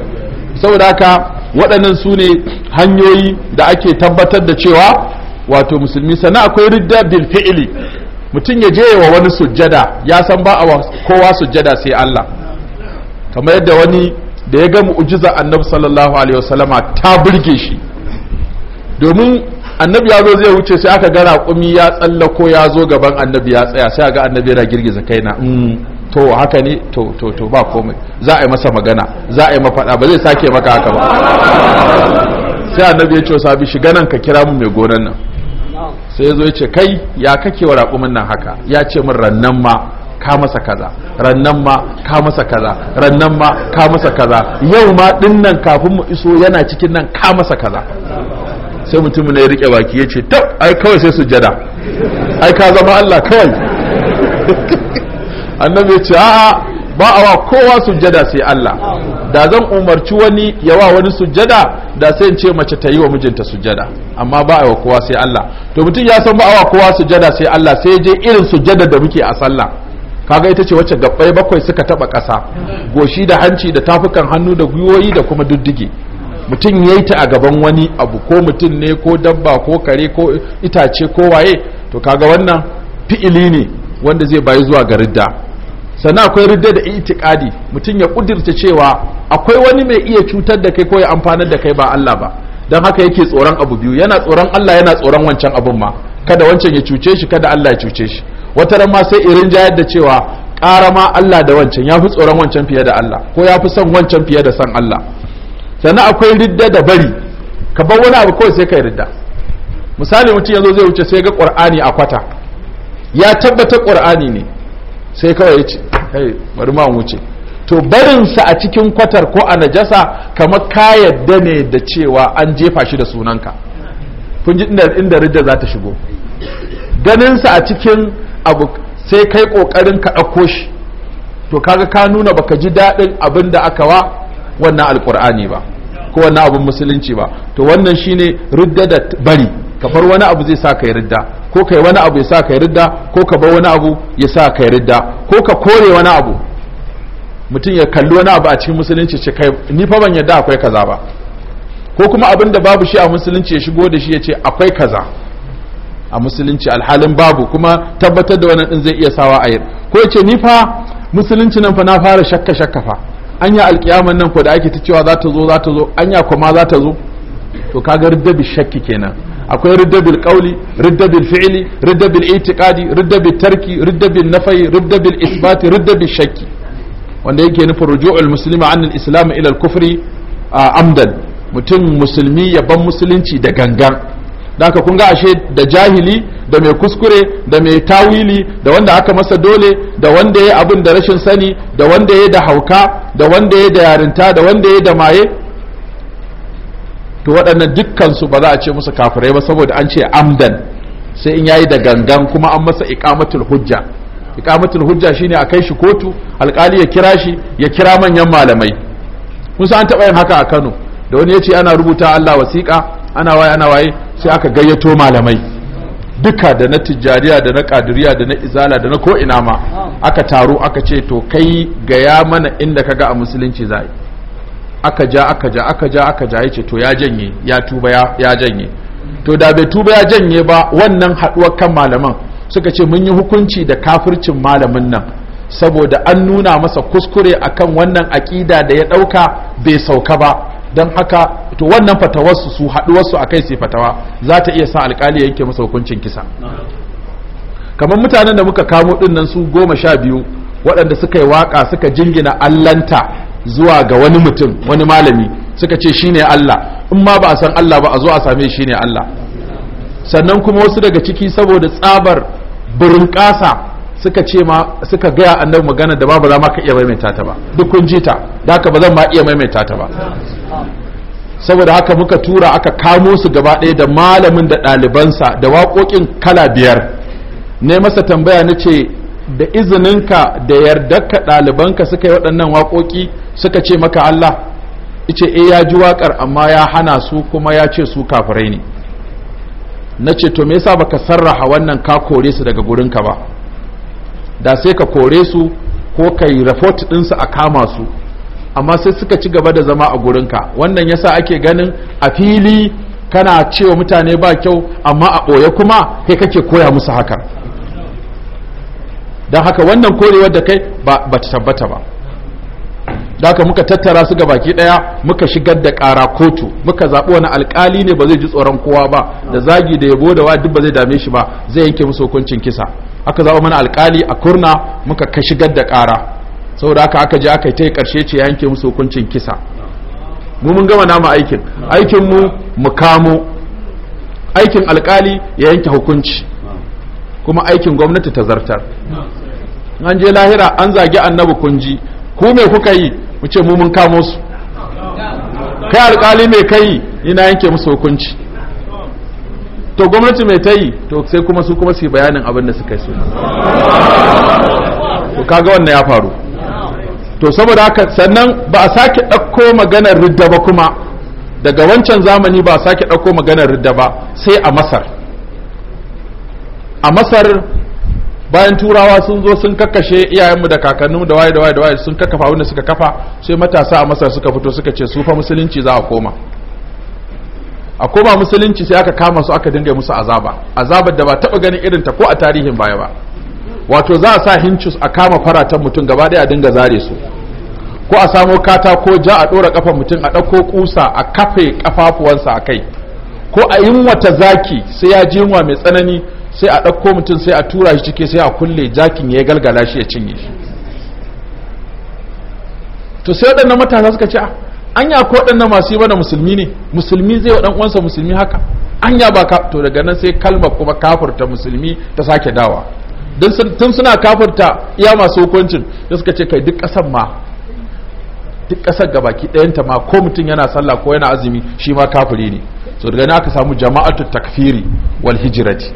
saboda haka waɗannan su ne hanyoyi da ake tabbatar da cewa wato musulmi sana akwai ridda bil fi'ili mutum ya je wa wani sujjada ya san ba a kowa sujjada sai Allah kamar yadda wani da ya ga mu'jiza annabi sallallahu alaihi wasallama ta burge shi domin annabi ya zo zai wuce sai aka ga raƙumi ya tsallako ya zo gaban annabi ya tsaya sai ga annabi yana girgiza kaina mm, to haka ne to to to ba komai za a yi masa magana za a yi mafaɗa ba zai sake maka haka ba sai annabi ya ce bi shiga nan ka kira mu mai gonan nan sai ya zo ya ce kai ya kake wa raƙumin nan haka ya ce min rannan ma ka masa kaza rannan ma ka masa kaza rannan ma ka masa kaza yau ma ɗin nan kafin mu iso yana cikin nan ka masa kaza sai mutumin ya rike baki ya ce tab ai kawai sai sujada ai ka zama Allah kawai annabi ya ce a'a ba a wa kowa sujada sai Allah da zan umarci wani ya wa wani sujada da sai in ce mace ta yi wa mijinta sujada amma ba a wa kowa sai Allah to mutum ya san ba a wa kowa sujada sai Allah sai je irin sujada da muke a sallah kaga ita ce wacce gabbai bakwai suka taba ƙasa goshi da hanci da tafukan hannu da gwiwoyi da kuma duddige mutum ya yi ta a gaban wani abu ko mutum ne ko dabba ko kare ko itace ko waye to kaga wannan fi'ili ne wanda zai bayi zuwa ga ridda sannan akwai ridda da itikadi mutum ya kudirta cewa akwai wani mai iya cutar da kai ko ya amfanar da kai ba Allah ba don haka yake tsoron abu biyu yana tsoron Allah yana tsoron wancan abun ma kada wancan ya cuce shi kada Allah ya cuce shi wata ran ma sai irin jayar da cewa ƙara ma Allah da wancan ya fi tsoron wancan fiye da Allah ko ya fi son wancan fiye da son Allah sannan akwai ridda da bari ka bar wani abu kawai sai ka yi ridda misali mutum yanzu zai wuce sai ga ƙwar'ani a kwata ya tabbata ƙwar'ani ne sai kawai ya ce kai bari wuce to barinsa a cikin kwatar ko a najasa kamar ka yadda ne da cewa an jefa shi da sunanka kun ji inda ridda za ta shigo ganinsa a cikin abu sai kai kokarin ka ɗauko shi to kaga ka nuna baka ji daɗin abinda aka wa wannan alkur'ani ba ko wannan abin musulunci ba to wannan shine ridda da bari kafar wani abu zai sa yi ridda ko kai wani abu ya sa yi ridda ko ka bar wani abu ya sa yi ridda ko ka kore wani abu mutum ya kalli wani abu a cikin musulunci ce kai ni fa ban yadda akwai kaza ba ko kuma abin da babu shi a musulunci ya shigo da shi ya ce akwai kaza a musulunci alhalin babu kuma tabbatar da wannan din zai iya sawa a yi ko ya ce ni fa musulunci nan fa na fara shakka shakka fa anya alkiyaman nan ko da ake ta cewa za ta zo za ta zo anya kuma za ta zo to kaga riddabi shakki kenan akwai riddabil qawli riddabil fi'li riddabil i'tiqadi riddabil tarki riddabil nafai riddabil isbati riddabil shakki wanda yake nufin ruju'ul muslima an al-islam ila al-kufri amdan mutum musulmi ya ban musulunci da gangan da kun ga ashe da jahili da mai kuskure da mai tawili da wanda aka masa dole da wanda ya abin da rashin sani da wanda ya da hauka da wanda ya da yarinta da wanda ya da maye to waɗannan dukkansu ba za a ce musu kafirai ba saboda an ce amdan sai in yayi da gangan kuma an masa iqamatul hujja iqamatul hujja shine a kai shi kotu alkali ya kira shi ya kira manyan malamai kun an taɓa yin haka a Kano da wani ya ce ana rubuta Allah wasiƙa ana waye ana waye sai aka gayyato malamai duka da na tijjariya da na kadiriya da na izala da na ko'ina ma aka taro aka ce to kai gaya mana inda kaga a musulunci zai. aka ja aka ja aka ja aka ja yace to ya janye ya tuba ya janye to da bai tuba ya janye ba wannan haduwar kan malaman suka ce mun yi hukunci da kafircin malamin nan saboda an nuna masa kuskure akan wannan aƙida da ya ɗauka bai sauka ba don haka to wannan fatawarsu su haɗuwarsu a kai sai fatawa za ta iya sa alkali ya yanke masa hukuncin kisa kamar mutanen da muka kamo ɗin nan su goma sha biyu waɗanda suka yi waƙa suka jingina allanta zuwa ga wani mutum wani malami suka ce shine Allah in ma ba a san Allah ba a zo a same shi ne Allah sannan kuma wasu daga ciki saboda tsabar burin suka ce ma suka gaya annabi magana da babu za ma ka iya maimaita ta ba duk kun ji ta da haka ba zan ma iya maimaita ta ba saboda haka muka tura aka kamo su gaba ɗaya da malamin da ɗalibansa da waƙoƙin kala biyar ne masa tambaya na ce da izininka da yardarka ɗalibanka suka yi waɗannan waƙoƙi suka ce maka Allah ce e eh, ya ji waƙar amma ya hana su kuma ya ce su kafirai ne na ce to me yasa baka sarraha wannan ka kore su daga gurinka ba da sai ka kore su ko ka yi report ɗinsu a kama su amma sai suka ci gaba da zama a gurin ka. wannan yasa ake ganin a fili kana cewa mutane ba kyau amma a ɓoye kuma kai kake koya musu haka don haka wannan korewar da kai ba ta tabbata ba da muka tattara su baki daya muka shigar da ƙara kotu muka zaɓi wani alƙali ne ba zai ji tsoron kowa ba da zagi da yabo da wa duk ba zai dame shi ba zai yanke musu hukuncin kisa aka zaɓi mana alƙali a kurna muka ka shigar da ƙara saboda haka aka je aka yi ta ƙarshe ce ya yanke musu hukuncin kisa mu mun gama nama aikin aikin mu mu kamo aikin alƙali ya yanke hukunci kuma aikin gwamnati ta zartar an je lahira an zagi annabi kunji ku me kuka yi mu ce mu mun kamo su kai alkali mai kai ina yanke musu hukunci to gwamnati mai ta yi to sai kuma su kuma su bayanin abin da suka yi so. to kaga wannan ya faru to saboda haka sannan ba a sake ɗauko maganar ridda ba kuma daga wancan zamani ba a sake ɗauko maganar ridda ba sai a masar a masar bayan turawa sun zo sun kakkashe iyayenmu da kakanninmu da waye da waye da waye sun kakkafa wanda suka kafa sai matasa a masar suka fito suka ce su fa musulunci za a koma a koma musulunci sai aka kama su aka dinga musu azaba azabar da ba taba ganin irin ta ko a tarihin baya ba wato za a sa hincus a kama faratan mutum gaba daya a dinga zare su ko a samo katako ja a dora kafan mutum a ɗauko kusa a kafe kafafuwansa a kai ko a yin wata zaki sai ya jinwa mai tsanani sai a ɗauko mutum sai a tura shi cike sai a kulle jakin ya galgala shi ya cinye shi to sai waɗannan matasa suka ce ah, anya ko waɗannan masu yi mana musulmi ne musulmi zai waɗan uwansa musulmi haka anya ba to daga nan sai kalma kuma kafurta musulmi ta sake dawa tun suna kafurta iya masu hukuncin da suka ce kai duk ƙasar ma duk ƙasar baki ɗayanta ma ko mutum yana sallah ko yana azumi shi ma kafiri ne so daga nan aka samu jama'atu takfiri wal hijrati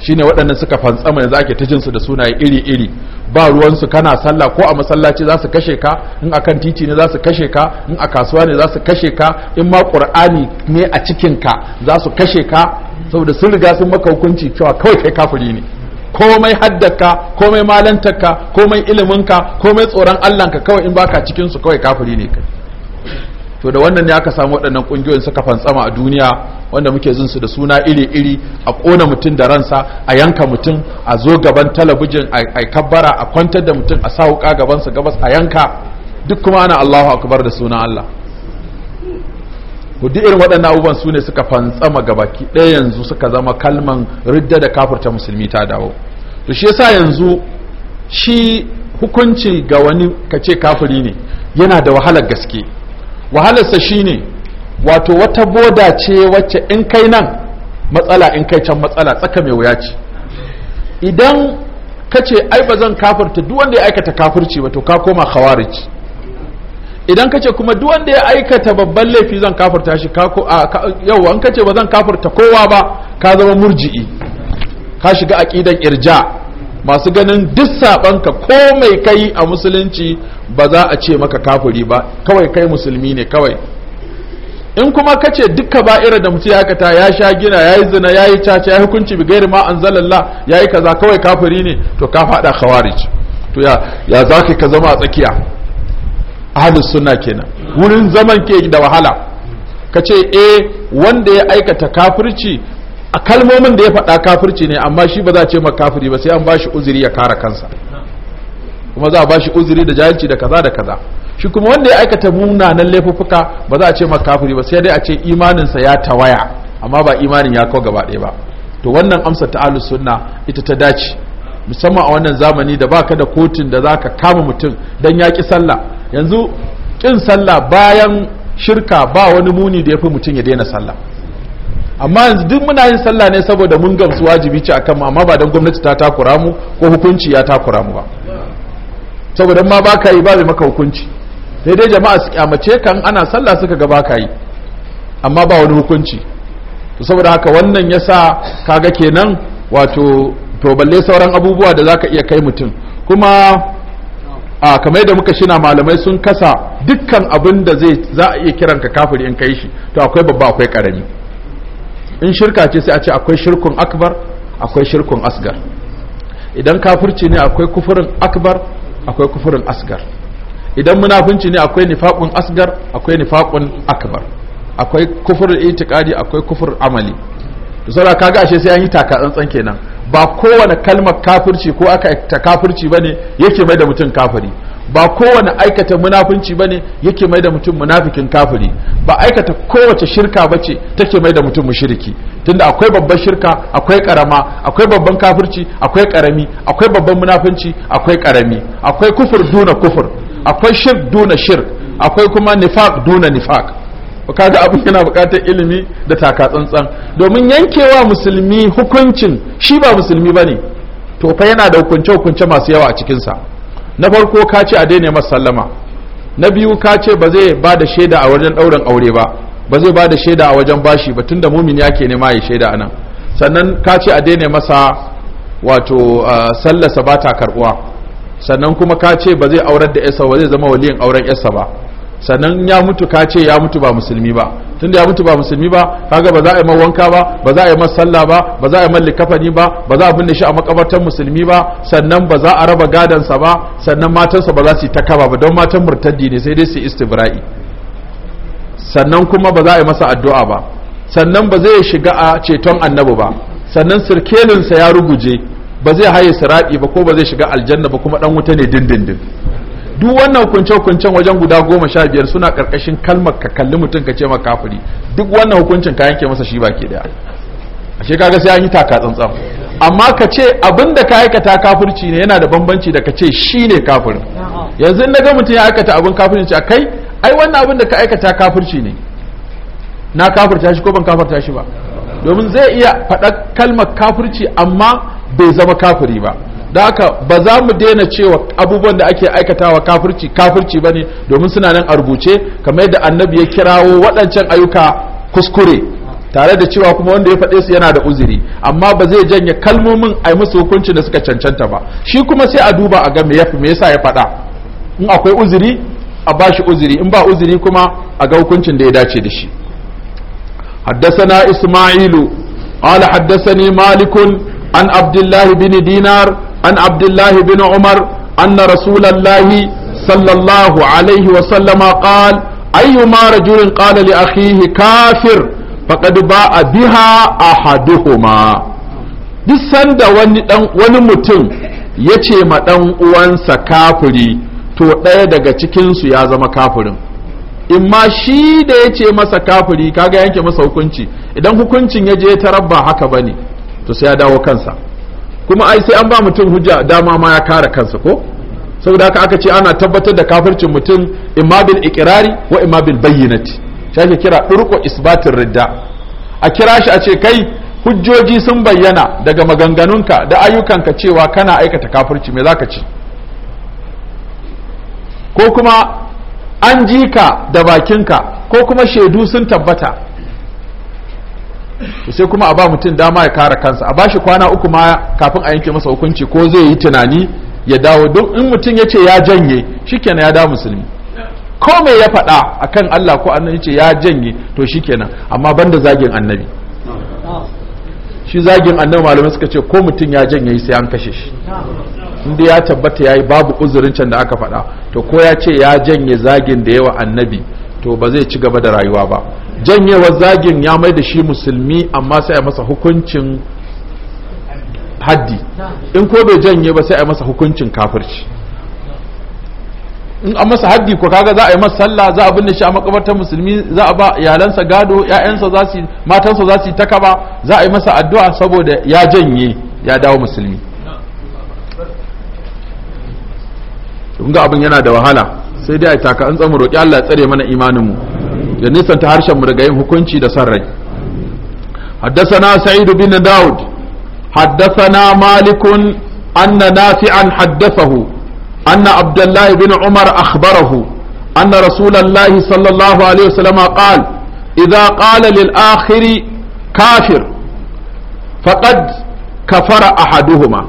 shine waɗannan suka fantsama yanzu ake ta jinsu da sunaye iri-iri ba ruwansu kana sallah ko a masallaci za su kashe ka in a kan titi ne za su kashe ka in a kasuwa ne za su kashe ka in ma ƙur'ani ne a cikin ka za su kashe ka saboda sun riga sun maka hukunci cewa kawai kai kafiri ne komai haddaka komai malantarka komai iliminka komai tsoron Allah ka kawai in baka cikin su kawai kafiri ne kai to da wannan ne aka samu waɗannan ƙungiyoyin suka fantsama a duniya wanda muke zin su da suna iri-iri a kona mutum da ransa a yanka mutum a zo gaban talabijin a kabbara a kwantar da mutum a sa wuka gabansa gabas a yanka duk kuma ana Allahu akbar da suna Allah ku irin waɗannan abubuwan su ne suka fantsama gabaki ɗaya yanzu suka zama kalman ridda da kafurta musulmi ta dawo to shi yasa yanzu shi hukunci ga wani kace kafiri ne yana da wahalar gaske wahalarsa shine wato wata boda ce wacce in kai nan matsala in kai can matsala tsaka mai wuya ce idan ka ce ai ba zan kafirta duk wanda ya aikata kafirci ba ka koma khawarici idan ka ce kuma duk wanda ya aikata babban laifi zan kafirta shi yau an ka ce ba zan kafirta kowa ba ka zama murji'i ka shiga aqidan irja masu ganin duk sabanka ko mai kai a musulunci ba za a ce maka kafiri ba kawai kai musulmi ne kawai in kuma ka ce dukka ba'ira da mutum ya aikata ya sha gina ya yi zina ya yi caca ya hukunci bi gairi ma an zalalla ya yi kaza kawai kafiri ne to ka faɗa khawarij to ya ya za ka zama a tsakiya ahlus sunna kenan wurin zaman ke da wahala ka ce eh wanda ya aikata kafirci a kalmomin da ya faɗa kafirci ne amma shi ba za a ce ma kafiri ba sai an ba shi uzuri ya kara kansa kuma za a ba shi uzuri da jahilci da kaza da kaza shi kuma wanda ya aikata munanan laifuka ba za a ce makafiri ba sai dai a ce imaninsa ya tawaya amma ba imanin ya kawo gaba ɗaya ba to wannan amsa ta alu sunna ita ta dace musamman a wannan zamani da baka da kotun da zaka kama mutum dan ya ki sallah yanzu kin sallah bayan shirka ba wani muni da yafi mutum ya daina sallah amma yanzu duk muna yin sallah ne saboda mun gamsu wajibi ce akan mu amma ba dan gwamnati ta takura mu ko hukunci ya takura mu ba saboda ma baka yi ba mai maka hukunci sai dai jama'a su kyamace kan ana sallah suka gaba ka yi amma ba wani hukunci to saboda haka wannan yasa kaga kenan wato to balle sauran abubuwa da zaka iya kai mutum kuma a kamar da muka shina malamai sun kasa dukkan abin da zai za a iya kiran ka kafiri in kai shi to akwai babba akwai karami in shirka ce sai a ce akwai shirkun akbar akwai shirkun asgar idan kafirci ne akwai kufurin akbar akwai kufurin asgar idan munafunci ne akwai nifaqun asgar akwai nifaqun akbar akwai kufur itikadi akwai kufur amali saboda kaga ashe sai an yi taka tsantsan kenan ba kowane kalmar kafirci ko aka ta kafirci bane yake mai da mutum kafiri ba kowane aikata munafunci bane yake mai da mutum munafikin kafiri ba aikata kowace shirka bace take mai da mutum mushriki tunda akwai babban shirka akwai karama akwai babban kafirci akwai karami akwai babban munafunci akwai karami akwai kufur duna kufur akwai shirk duna shirk akwai kuma nifaq duna nifaq kaga abin yana bukatar ilimi da taka tsantsan domin yankewa musulmi hukuncin shi ba musulmi bane to fa yana da hukunce hukunce masu yawa a cikin sa na farko ka ce a daina masa sallama na biyu ka ce ba zai ba da shaida a wajen ɗaurin aure ba ba zai ba da shaida a wajen bashi ba tunda mumin yake ma ya shaida anan sannan ka ce a daina masa wato ah, sallasa ba ta karbuwa sannan kuma ka ce ba zai aurar da yasa ba zai zama waliyin auren yarsa ba sannan ya mutu ka ce ya mutu ba musulmi ba tunda ya mutu ba musulmi ba kaga ba za a yi wanka ba ba za a yi sallah ba ba za a yi man likafani ba ba za a binne shi a makabartar musulmi ba sannan ba za a raba gadansa ba sannan matansa ba za su yi ta kaba ba don matan murtaddi ne sai dai su istibra'i sannan kuma ba za a yi masa addu'a ba sannan ba zai shiga a ceton annabi ba sannan sirkelinsa ya ruguje ba zai haye sirati ba ko ba zai shiga aljanna ba kuma dan wuta ne dindindin duk wannan hukunce-hukuncen wajen guda goma sha biyar suna karkashin kalmar ka kalli mutum ka ce ma kafiri duk wannan hukuncin ka yanke masa shi baki daya ashe kaga sai an yi taka tsantsan amma ka ce abin da ka aikata kafirci ne yana da bambanci da ka ce shi ne kafirin yanzu in ga mutum ya aikata abin kafirci a kai ai wannan abin da ka aikata kafirci ne na kafirta shi ko ban kafirta shi ba domin zai iya faɗa kalmar kafirci amma bai zama kafiri ba da haka ba za mu daina cewa abubuwan da ake aikatawa kafirci kafirci ba ne domin suna nan a rubuce kamar yadda annabi ya kirawo waɗancan ayyuka kuskure tare da cewa kuma wanda ya faɗe su yana da uzuri amma ba zai janye kalmomin a musu hukuncin da suka cancanta ba shi kuma sai a duba a ga me yafi me yasa ya faɗa in akwai uzuri a bashi uzuri in ba uzuri kuma a ga hukuncin da ya dace da shi حدثنا إسماعيل haddasa حدثني malikun. an abdullahi bin dinar an abdullahi bin umar anna rasulallahi sallallahu alaihi wa sallama qal ayyuma rajulin qala li akhihi kafir faqad ba'a biha ahaduhuma duk sanda wani mutum ya ce ma dan uwansa kafuri to ɗaya daga cikin su ya zama kafirin imma shi da ya ce masa kafuri kaga yanke masa hukunci idan hukuncin ya je ta rabba haka bane to sai ya dawo kansa kuma ai sai an ba mutum hujja dama ma ya kare kansa ko saboda haka aka ce ana tabbatar da kafircin mutum imma bil iqrari wa imma bil bayyinati shi ake kira durqu isbatin ridda a kira shi a ce kai hujjoji sun bayyana daga maganganunka da ayyukanka cewa kana aikata kafirci me zaka ce ko kuma an ji ka da bakinka ko kuma shaidu sun tabbata to sai kuma a ba mutum dama ya kare kansa a bashi kwana uku ma kafin a yanke masa hukunci ko zai yi tunani ya dawo don in mutum ya ce ya janye shikenan ya dawo musulmi ko me ya faɗa akan Allah ko annabi ce ya janye to shikenan amma banda zagin annabi shi zagin annabi malamai suka ce ko mutum ya janye sai an kashe shi inda ya tabbata yayi babu uzurin can da aka faɗa to ko ya ce ya janye zagin da yawa annabi to ba zai ci gaba da rayuwa ba janyewar zagin ya mai da shi musulmi amma sai a masa hukuncin haddi in ko bai janye ba sai a masa hukuncin kafirci in a masa haddi ko kaga za a yi masa sallah za a binne shi a makabartar musulmi za a ba iyalansa gado ƴaƴansa za su matansa za su taka ba za a yi masa addu'a saboda ya janye ya dawo musulmi kun ga abin yana da wahala sai dai a taka an tsamu roƙi Allah ya tsare mana imaninmu ya nisanta harshen mu daga yin hukunci da san rai haddathana sa'id bin daud haddathana malik anna nafi'an haddathahu anna abdullahi bin umar akhbarahu anna rasulullahi sallallahu alaihi wasallam qaal idza qala lil akhir kafir faqad kafara ahaduhuma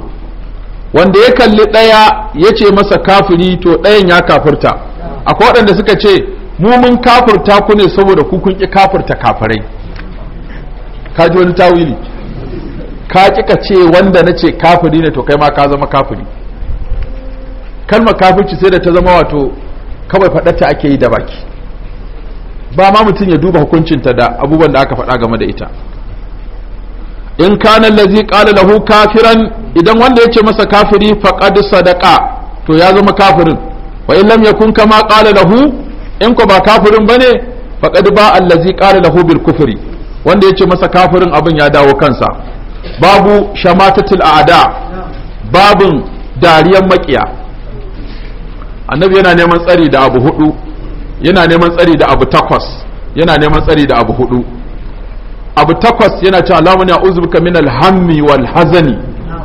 wanda ya kalli ɗaya ya ce masa kafiri to ɗayan ya kafirta akwai waɗanda suka ce mu mun kafurta ku ne saboda ku kun ki kafurta kafirai ka ji wani tawili ka kika ce wanda na ce kafiri ne to kai ma ka zama kafiri kalmar kafirci sai da ta zama wato kawai ta ake yi da baki ba ma mutum ya duba hukuncin ta da abubuwan da aka faɗa game da ita in kana lazi qala lahu kafiran idan wanda ya ce masa kafiri faqad sadaqa to ya zama kafirin wa in lam yakun kama qala lahu in ko ba kafirin bane faqad ba allazi qala lahu bil kufri wanda yace masa kafirin abin ya dawo kansa babu shamatatul a'ada babun dariyan makiya annabi yana neman tsari da abu hudu yana neman tsari da abu takwas yana neman tsari da abu hudu abu takwas yana cewa lamuni a uzubika min alhammi wal hazani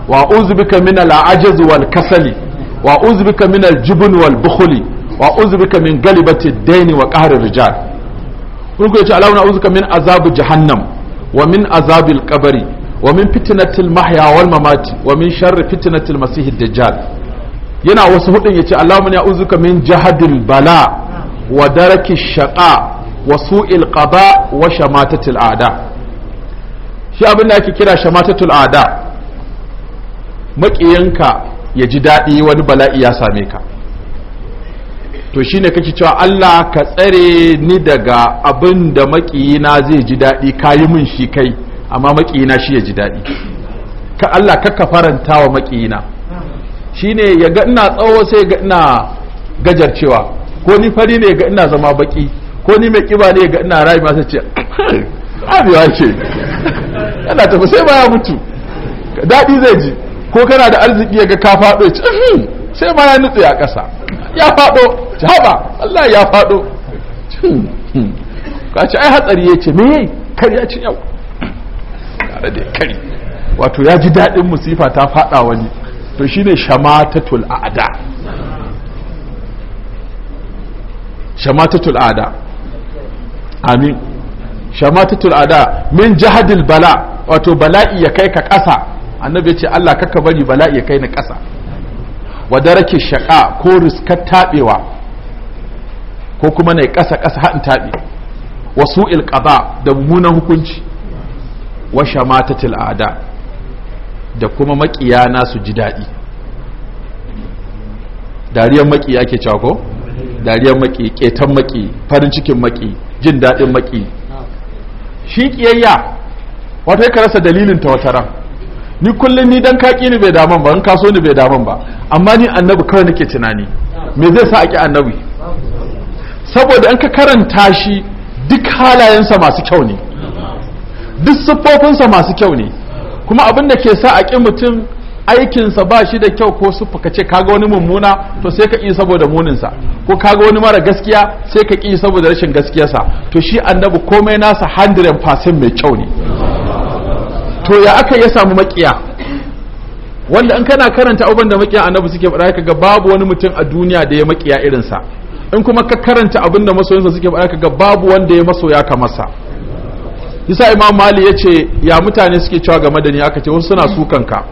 wa uzubika min al'ajaz wal kasali wa uzbika min aljubn wal bukhli wa uzbika min galibati ad wa qahri rijal kun ku yace Allahumma uzbika min azabu jahannam wa min azabil qabri wa min fitnatil mahya wal mamati wa min sharri fitnatil masih ad-dajjal yana wasu hudun yace Allahumma ya uzbika min jahadil bala wa daraki shaqa wa su'il qada a'da shi da ake kira shamatatul a'da ya ji daɗi wani bala'i ya same ka to shine kake cewa Allah ka tsare ni daga abin da maƙiyina zai ji daɗi ka yi min shi kai amma maƙiyina shi ya ji daɗi ka Allah ka faranta wa maƙiyina shine ya ga ina tsawo sai ga ina gajarcewa ko ni fari ne ga ina zama baki ko ni mai kiba ne ga ina rayu sai ce abewa ce yana tafi sai baya mutu daɗi zai ji ko kana da arziki ya ga ka faɗo ya ce hmm, sai ma ya nutse a ƙasa ya faɗo ci haɓa Allah ya faɗo hmm, hmm. ka ce ai hatsari ya ce me yayi kari ya ci yau tare da kari wato ya ji daɗin musifa ta faɗa wani to shine shamatatul a'da shamatatul a'da amin shamatatul a'da min jahadil bala wato bala'i ya kai ka ƙasa annabi ya ce Allah kaka bari Bala ya kai ni ƙasa wa darake shaƙa ko riskar taɓewa ko kuma na ƙasa ƙasa haɗin taɓe wa su'il qada da mummunan hukunci wa shamatatil til'ada da kuma na su ji daɗi dariyar maƙiya ke cewa ko dariyar maki ƙetan maki farin cikin maki jin daɗin maki shi ƙiyayya wato ya rasa dalilin ta wata ran ni kullum ni dan kaki ni bai daman ba in ka ni bai daman ba amma ni annabi kawai nake tunani me zai sa a ki annabi saboda in ka karanta shi duk halayensa masu kyau ne duk siffofinsa masu kyau ne kuma abin da ke sa a ƙi mutum aikinsa ba shi da kyau ko su ka ce kaga wani mummuna to sai ka ƙi saboda muninsa ko kaga wani mara gaskiya sai ka ƙi saboda rashin gaskiyarsa to shi annabi komai nasa 100% mai kyau ne to ya aka ya samu makiya wanda in kana karanta abin da makiya annabi suke faɗa ga babu wani mutum a duniya da ya makiya sa in kuma ka karanta abin da masoyinsa suke faɗa ga babu wanda ya masoya ka masa yasa imam mali yace ya mutane suke cewa game da ni aka ce wasu suna sukan ka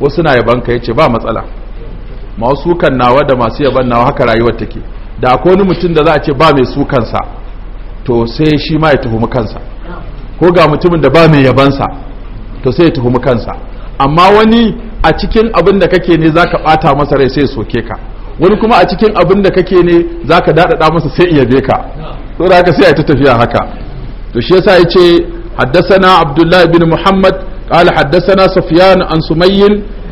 wasu suna yaban ka yace ba matsala masu sukan nawa da masu yaban nawa haka rayuwar take da akwai wani mutum da za a ce ba mai sukan sa to sai shi ma ya tuhumi kansa ko ga mutumin da ba mai yabansa to sai ya kansa amma wani a cikin abin da kake ne zaka bata masa rai sai soke ka wani kuma a cikin abin da kake ne zaka daɗaɗa masa sai iya be ka to da haka sai ya ta tafiya haka to shi yasa yace haddathana abdullahi bin muhammad قال حدثنا سفيان عن سمي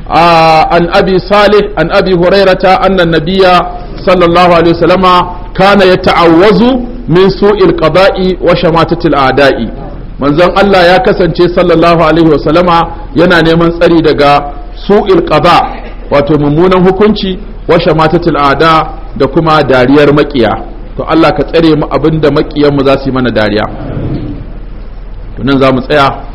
آه عن أبي صالح عن أبي هريرة أن النبي صلى الله عليه وسلم كان يتعوذ من سوء القضاء وشماتة الأعداء manzon Allah ya kasance sallallahu alaihi wasallama yana neman tsari daga su'il qada wato mummunan hukunci wa shamatatul ada da kuma dariyar makiya to Allah ka tsare mu abinda makiyan mu za su yi mana dariya to nan za mu tsaya